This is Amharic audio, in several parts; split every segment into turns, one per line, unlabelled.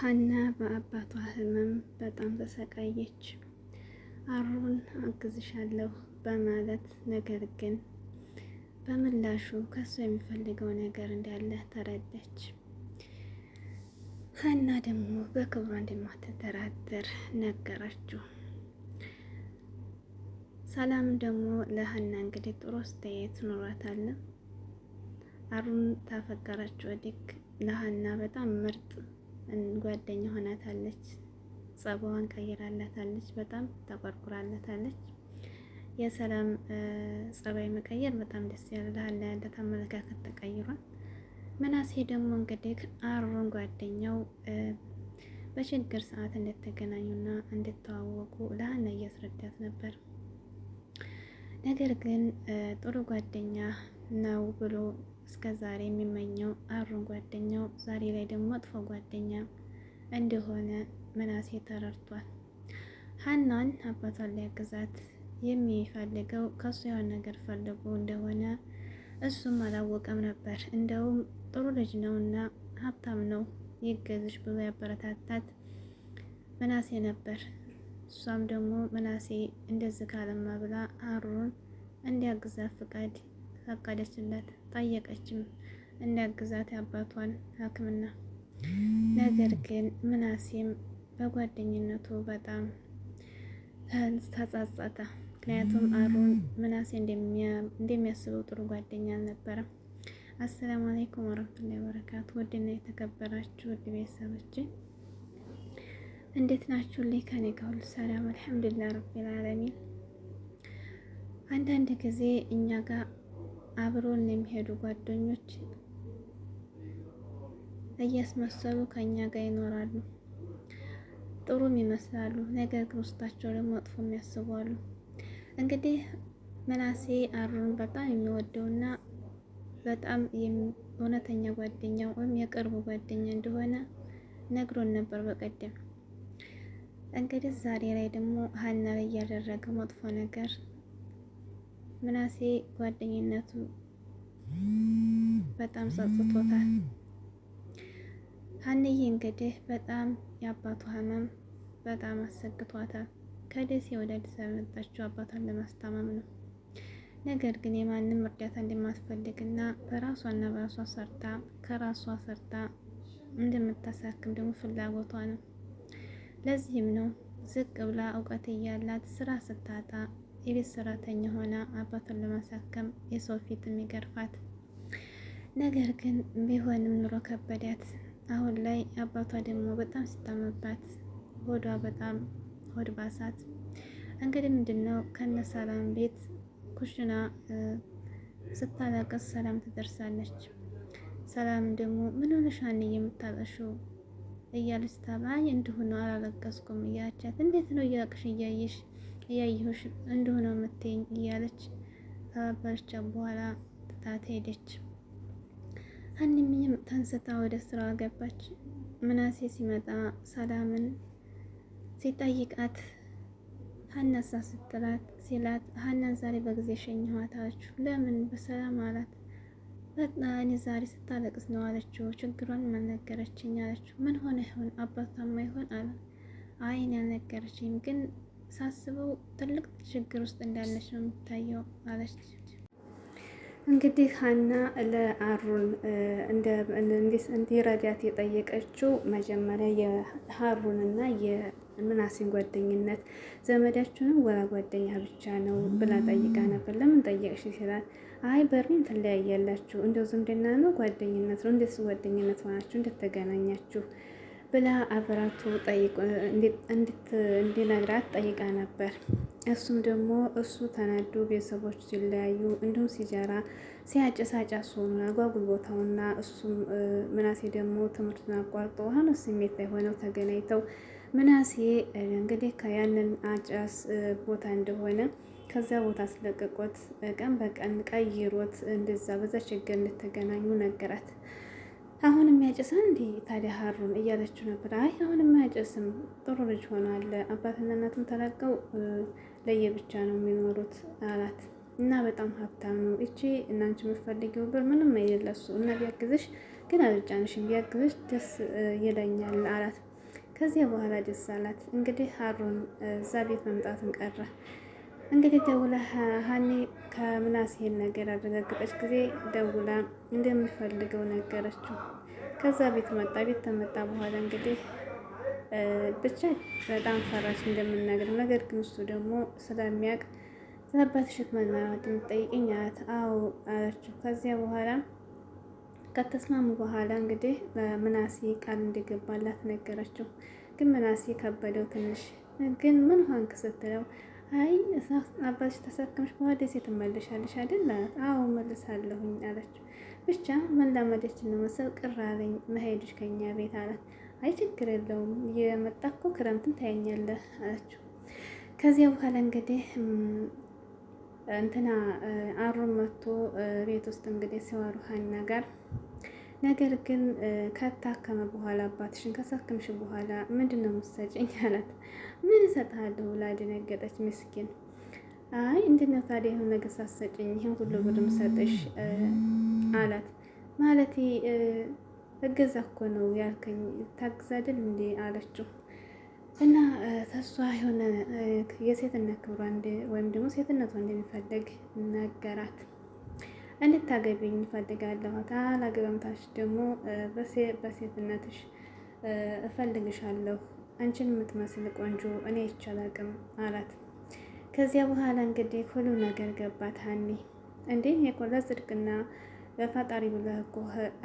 ሀና በአባቷ ህመም በጣም ተሰቃየች። አሩን አግዝሻለሁ በማለት ነገር ግን በምላሹ ከሱ የሚፈልገው ነገር እንዳለ ተረዳች። ሀና ደግሞ በክብሯ እንደማትደራደር ነገረችው። ሰላም ደግሞ ለሀና እንግዲህ ጥሩ አስተያየት ኑሯታል። አሩን ታፈቀረችው ወዲክ ለሀና በጣም ምርጥ ጓደኛ ሆናታለች። ጸባዋን ቀይራላታለች። በጣም ተቆርቁራላታለች። የሰላም ጸባይ መቀየር በጣም ደስ ያላል። ያላት አመለካከት ተቀይሯል። ምናሴ ደግሞ እንግዲህ አሩን ጓደኛው በችግር ሰዓት እንደተገናኙና እንደተዋወቁ ለሀና እያስረዳት ነበር። ነገር ግን ጥሩ ጓደኛ ነው ብሎ እስከ ዛሬ የሚመኘው አሩን ጓደኛው ዛሬ ላይ ደግሞ መጥፎ ጓደኛ እንደሆነ ምናሴ ተረድቷል። ሀናን አባቷን ሊያግዛት የሚፈልገው ከሱ የሆነ ነገር ፈልጎ እንደሆነ እሱም አላወቀም ነበር። እንደውም ጥሩ ልጅ ነው እና ሀብታም ነው ይገዝሽ ብሎ ያበረታታት ምናሴ ነበር። እሷም ደግሞ ምናሴ እንደዚህ ካለማ ብላ አሩን እንዲያግዛት ፍቃድ ፈቀደችለት። ጠየቀችም እንዲያግዛት አባቷን ሕክምና። ነገር ግን ምናሴም በጓደኝነቱ በጣም ተጸጸተ። ምክንያቱም አሩን ምናሴ እንደሚያስበው ጥሩ ጓደኛ አልነበረም። አሰላሙ አለይኩም ወረህመቱላሂ ወበረካቱ። ውድና የተከበራችሁ ውድ ቤተሰቦች እንዴት ናችሁ? ላይ ከኔ ጋር ሁሉ ሰላም አልሐምዱሊላህ ረቢል ዓለሚን። አንዳንድ ጊዜ እኛ ጋር አብሮን የሚሄዱ ጓደኞች እያስመሰሉ ከኛ ጋር ይኖራሉ። ጥሩም ይመስላሉ፣ ነገር ግን ውስጣቸው ደግሞ መጥፎ ያስባሉ። እንግዲህ ምናሴ አሩን በጣም የሚወደውና በጣም እውነተኛ ጓደኛ ወይም የቅርቡ ጓደኛ እንደሆነ ነግሮን ነበር በቀደም። እንግዲህ ዛሬ ላይ ደግሞ ሀና ላይ ያደረገ መጥፎ ነገር ምናሴ ጓደኝነቱ በጣም ጸጽቶታል። ሀንዬ እንግዲህ በጣም የአባቱ ህመም በጣም አሰግቷታል። ከደሴ ወደ አዲስ አበባ አባቷን ለማስታመም ነው። ነገር ግን የማንም እርዳታ እንደማትፈልግና በራሷና በራሷ ሰርታ ከራሷ ሰርታ እንደምታሳክም ደግሞ ፍላጎቷ ነው። ለዚህም ነው ዝቅ ብላ እውቀት እያላት ስራ ስታጣ የቤት ሰራተኛ ሆና አባቷን ለማሳከም የሰው ፊት የሚገርፋት ነገር ግን ቢሆንም ኑሮ ከበዳት። አሁን ላይ አባቷ ደግሞ በጣም ሲታመባት ሆዷ በጣም ሆድ ባሳት። እንግዲህ ምንድን ነው ከነ ሰላም ቤት ኩሽና ስታለቅስ ሰላም ትደርሳለች። ሰላም ደግሞ ምን ሆነሽ አንዬ የምታለቅሺው እያለች ታባይ እንደሆነ አላለቀስኩም እያቻት እንዴት ነው እያቅሽ እያየሽ እያየሁሽ እንደሆነ የምትይኝ እያለች ተባበረቻ በኋላ ትታት ሄደች። ሀኒምዬም ተንስታ ወደ ስራ ገባች። ምናሴ ሲመጣ ሰላምን ሲጠይቃት ሀናሳ ስትላት ሲላት ሀናን ዛሬ በጊዜ ሸኘኋት ለምን በሰላም አላት። በጣም ዛሬ ስታለቅስ ነው አለችው። ችግሯን መነገረችኝ አለችው። ምን ሆነ ይሆን አባቷማ ይሆን አለ። አይን እኔ ግን ሳስበው ትልቅ ችግር ውስጥ እንዳለች ነው የምታየው አለች። እንግዲህ ሀና ለአሩን እንዲረዳት የጠየቀችው መጀመሪያ የሀሩንና የምናሴን ጓደኝነት ዘመዳችሁንም ወላ ጓደኛ ብቻ ነው ብላ ጠይቃ ነበር። ለምን ጠየቅሽ ይችላል አይ በርን ትለያያላችሁ፣ እንደው ዝምድና ነው ጓደኝነት ነው። እንዴት ጓደኝነት ሆናችሁ እንደተገናኛችሁ ብላ አብራቱ እንዲነግራት ጠይቃ ነበር። እሱም ደግሞ እሱ ተናዶ ቤተሰቦች ሲለያዩ እንዲሁም ሲጀራ ሲያጨሳጫሱ አጓጉል ቦታውና እሱም ምናሴ ደግሞ ትምህርቱን አቋርጦ ሀኖ ስሜት ላይ ሆነው ተገናኝተው ምናሴ እንግዲህ ከያንን አጫስ ቦታ እንደሆነ ከዚያ ቦታ ስለቀቆት ቀን በቀን ቀይሮት እንደዛ በዛ ችግር እንድትገናኙ ነገራት። አሁን የሚያጨስ እንዴ ታዲያ ሀሩን እያለችው ነበር። አይ አሁን የማያጨስም ጥሩ ልጅ ሆኗል። አባትና እናቱም ተላቀው ለየብቻ ነው የሚኖሩት አላት። እና በጣም ሀብታም ነው። እቺ እናንቺ የምትፈልጊው ብር ምንም አይደለሱ እና ቢያግዝሽ ግን አልጫንሽም፣ ቢያግዝሽ ደስ ይለኛል አላት። ከዚያ በኋላ ደስ አላት። እንግዲህ ሀሩን እዛ ቤት መምጣትን ቀረ። እንግዲህ ደውላ ሀኒ ከምናሴ ይሄን ነገር አረጋግጠች ጊዜ ደውላ እንደምፈልገው ነገረችው። ከዛ ቤት መጣ። ቤት ተመጣ በኋላ እንግዲህ ብቻ በጣም ፈራች እንደምናገር። ነገር ግን እሱ ደግሞ ስለሚያውቅ ስለአባትሽ ሽክመና የምትጠይቅኝ አዎ አለችው። ከዚያ በኋላ ከተስማሙ በኋላ እንግዲህ ምናሴ ቃል እንደገባላት ነገረችው። ግን ምናሴ ከበደው ትንሽ። ግን ምን ሆንክ ስትለው አይ እዛ አባትሽ ተሳክምሽ በኋላ ደሴ ትመለሻለሽ አይደል አዎ መልሳለሁኝ አለች። ብቻ መላመደች ነው መሰል ቅር አለኝ መሄድሽ ከኛ ቤት አላት። አይ ችግር የለውም የመጣ እኮ ክረምትን ታያኛለህ አለችው። ከዚያ በኋላ እንግዲህ እንትና አሩ መጥቶ ቤት ውስጥ እንግዲህ ሲዋሩ ሀና ጋር ነገር ግን ከታከመ በኋላ አባትሽን ከሳክምሽ በኋላ ምንድን ነው የምትሰጭኝ አላት። ምን እሰጥሃለሁ ብላ ደነገጠች ምስኪን። አይ እንድነው ታዲያ ይሁን ነገር ሳትሰጭኝ ይህን ሁሉ ብር ምሰጥሽ አላት። ማለት እገዛ እኮ ነው ያልከኝ ታግዛድል እንዴ አለችው። እና ተሷ የሆነ የሴትነት ክብሯ ወይም ደግሞ ሴትነቷ እንደሚፈለግ ነገራት። እንድታገቢኝ እፈልጋለሁ። ካላገባምታሽ ደግሞ በሴትነትሽ እፈልግሻለሁ። አንቺን የምትመስል ቆንጆ እኔ ይቻላቅም አላት። ከዚያ በኋላ እንግዲህ ሁሉ ነገር ገባት። ሀኒ እንዴ የቆላ ጽድቅና በፈጣሪ ብለህ እኮ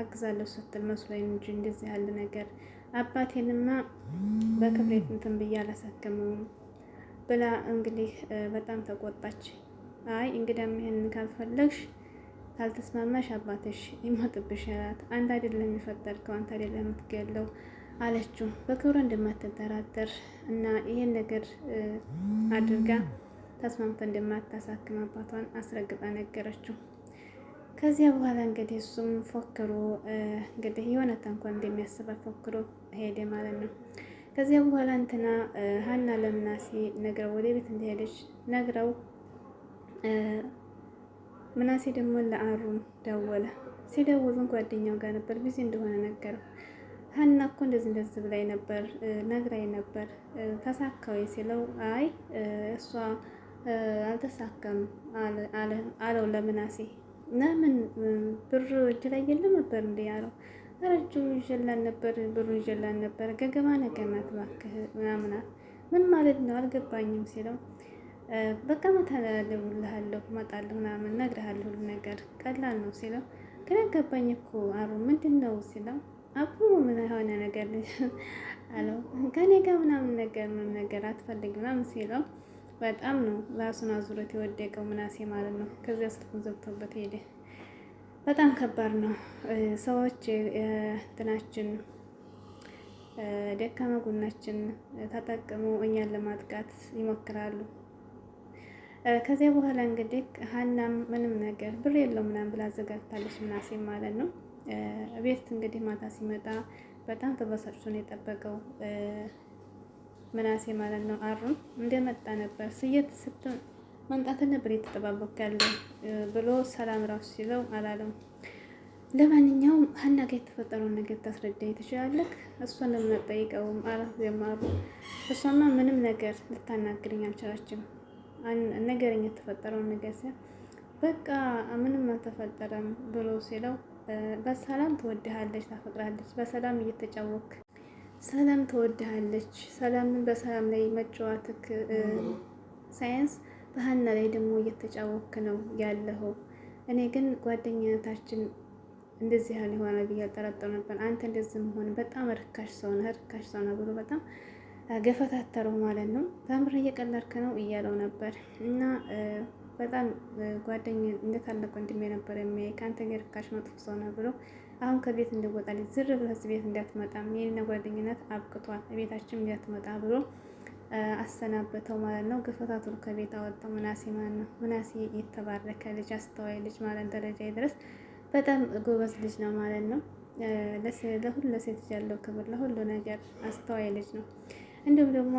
አግዛለሁ ስትል መስሎኝ እንጂ እንደዚህ ያለ ነገር አባቴንማ በክብሬት እንትን ብዬ አላሳከመውም ብላ እንግዲህ በጣም ተቆጣች። አይ እንግዲህ ይሄንን ካልፈለግሽ ካልተስማማሽ አባትሽ ይሞትብሻል። አንተ አይደለም የፈጠርከው፣ አንተ አይደለም የምትገለው አለችው በክብሩ እንደማትጠራጠር እና ይህን ነገር አድርጋ ተስማምተ እንደማታሳክም አባቷን አስረግጣ ነገረችው። ከዚያ በኋላ እንግዲህ እሱም ፎክሮ እንግዲህ የሆነ ተንኮል እንደሚያስባት ፎክሮ ሄደ ማለት ነው። ከዚያ በኋላ እንትና ሀና ለምናሴ ነግረው ወደ ቤት እንደሄደች ነግረው ምናሴ ደግሞ ለአሩን ደወለ። ሲደውሉን ጓደኛው ጋር ነበር ቢዚ እንደሆነ ነገረው። ሀና እኮ እንደዚህ እንደዚህ ብላኝ ነበር ነግራኝ ነበር ተሳካዊ ሲለው አይ እሷ አልተሳካም አለው ለምናሴ። ለምን ብር እጅ ላይ የለም ነበር እንደ ያለው ረጁ ይዤላን ነበር ብሩ ይዤላን ነበር ገገማ ነገር ናት እባክህ ምናምናት ምን ማለት ነው አልገባኝም ሲለው በቃ መተላለሁልሃለሁ እመጣለሁ ምናምን እነግርሃለሁ ሁሉ ነገር ቀላል ነው ሲለው ግን ገባኝ እኮ አሩ ምንድን ነው ሲለው አቡ ምን የሆነ ነገር አለው ከኔ ጋር ምናምን ነገር ምን ነገር አትፈልግ ምናምን ሲለው በጣም ነው ራሱን አዙረት የወደቀው ምናሴ ማለት ነው። ከዚያ ስልኩን ዘግቶበት ሄደ። በጣም ከባድ ነው። ሰዎች እንትናችን ደካማ ጎናችን ተጠቅመው እኛን ለማጥቃት ይሞክራሉ። ከዚያ በኋላ እንግዲህ ሀና ምንም ነገር ብር የለው ምናምን ብላ አዘጋጅታለች ምናሴ ማለት ነው። ቤት እንግዲህ ማታ ሲመጣ በጣም ተበሳጭቶ ነው የጠበቀው ምናሴ ማለት ነው። አሩም እንደመጣ ነበር ስየት ስት መምጣት ነበር የተጠባበቅ ያለ ብሎ ሰላም ራሱ ሲለው አላለም። ለማንኛውም ሀና ጋ የተፈጠረውን ነገር ታስረዳኝ ትችላለህ? እሷን ለምን አትጠይቀውም? አላት። እሷማ ምንም ነገር ልታናግረኝ አልቻለችም። ነገረኝ የተፈጠረውን ነገር ሲል በቃ ምንም አልተፈጠረም ብሎ ሲለው በሰላም ትወድሃለች፣ ታፈቅራለች። በሰላም እየተጫወክ ሰላም ትወድሃለች። ሰላም በሰላም ላይ መጫወትክ ሳይንስ በሀና ላይ ደግሞ እየተጫወክ ነው ያለኸው። እኔ ግን ጓደኝነታችን እንደዚህ ያህል የሆነ ብዬ አልጠረጠሩ ነበር። አንተ እንደዚህ መሆን በጣም ርካሽ ሰው ነህ፣ ርካሽ ሰው ነህ ብሎ በጣም ገፈታተረው ማለት ነው። ተምር እየቀለድክ ነው እያለው ነበር እና በጣም ጓደኛ እንደታለቀ ታላቅ ወንድሜ ነበር የሚያይ ከአንተ የርካሽ መጥፎ ሰው ነው ብሎ አሁን ከቤት እንድወጣልኝ ዝር ብለህ ቤት እንዳትመጣም የኔና ጓደኝነት አብቅቷል ቤታችን እንዳትመጣ ብሎ አሰናበተው ማለት ነው። ግፈታቱን ከቤት አወጣው ምናሴ ማለት ነው። ምናሴ የተባረከ ልጅ አስተዋይ ልጅ ማለት ደረጃ ድረስ በጣም ጎበዝ ልጅ ነው ማለት ነው። ለሁሉ ለሴት ያለው ክብር ለሁሉ ነገር አስተዋይ ልጅ ነው። እንዲሁም ደግሞ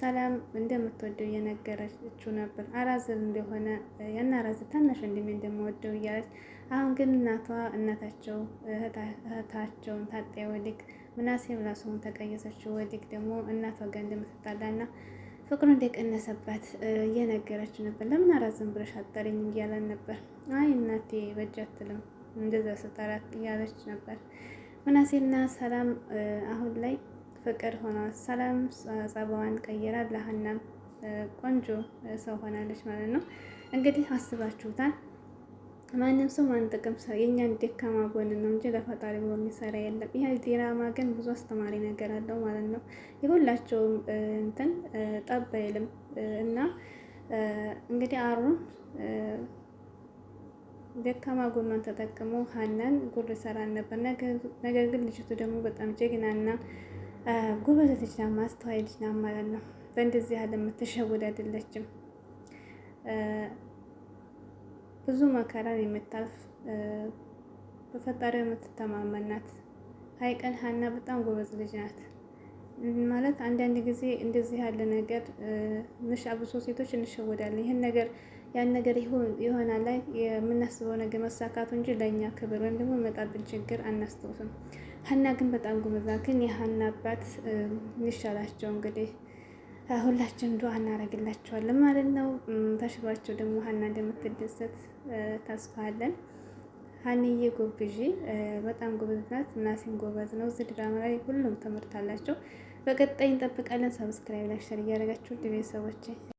ሰላም እንደምትወደው እየነገረችው ነበር። አላዝር እንደሆነ ያና አላዝር ታናሽ ወንድሜ እንደምወደው እያለች አሁን ግን እናቷ እናታቸው እህታቸውን ታጣ ወዲግ ምናሴ ብላ ስሙን ተቀየሰችው። ወዲግ ደግሞ እናቷ ጋር እንደምትጣላ ና ፍቅሩ እንደቀነሰባት እየነገረችው ነበር። ለምን አላዝም ብለሽ አጠሪኝ እያለን ነበር። አይ እናቴ በእጅ አትልም እንደዛ ስጠራት እያለች ነበር። ምናሴና ሰላም አሁን ላይ ፍቅር ሆና ሰላም ጸባዋን ቀይራ ለሀናም ቆንጆ ሰው ሆናለች ማለት ነው። እንግዲህ አስባችሁታል። ማንም ሰው ማን ጥቅም ሰው የእኛን ደካማ ጎን ነው እንጂ ለፈጣሪ ብሎ የሚሰራ የለም። ይህ ዲራማ ግን ብዙ አስተማሪ ነገር አለው ማለት ነው። የሁላቸውም እንትን ጠብ አይልም እና እንግዲህ አሩን ደካማ ጎኗን ተጠቅሞ ሀናን ጉር ይሰራን ነበር። ነገር ግን ልጅቱ ደግሞ በጣም ጀግናና ጉበዝ ልጅ ናት፣ ማስተዋይ ልጅ ናት ማለት ነው። በእንደዚህ ያለ የምትሸውድ አይደለችም። ብዙ መከራን የምታልፍ በፈጣሪው የምትተማመን ናት። ሀይቀን ሀና በጣም ጎበዝ ልጅ ናት ማለት አንዳንድ ጊዜ እንደዚህ ያለ ነገር ንሽ አብሶ ሴቶች እንሸወዳለን። ይህን ነገር ያን ነገር የሆና ላይ የምናስበው ነገር መሳካቱ እንጂ ለእኛ ክብር ወይም ደግሞ የመጣብን ችግር አናስታውስም። ሀና ግን በጣም ጉበዛ ግን የሀና አባት ይሻላቸው እንግዲህ ሁላችን ዱዓ እናደርግላቸዋለን ማለት ነው። ተሽሏቸው ደግሞ ሀና እንደምትደሰት ታስፋለን። ሀኒዬ ጎብዢ በጣም ጎበዝ ናት። ናሲም ጎበዝ ነው። እዚህ ድራማ ላይ ሁሉም ትምህርት አላቸው። በቀጣይ እንጠብቃለን። ሰብስክራይብ፣ ላይክ፣ ሸር እያደረጋችሁ ሰዎች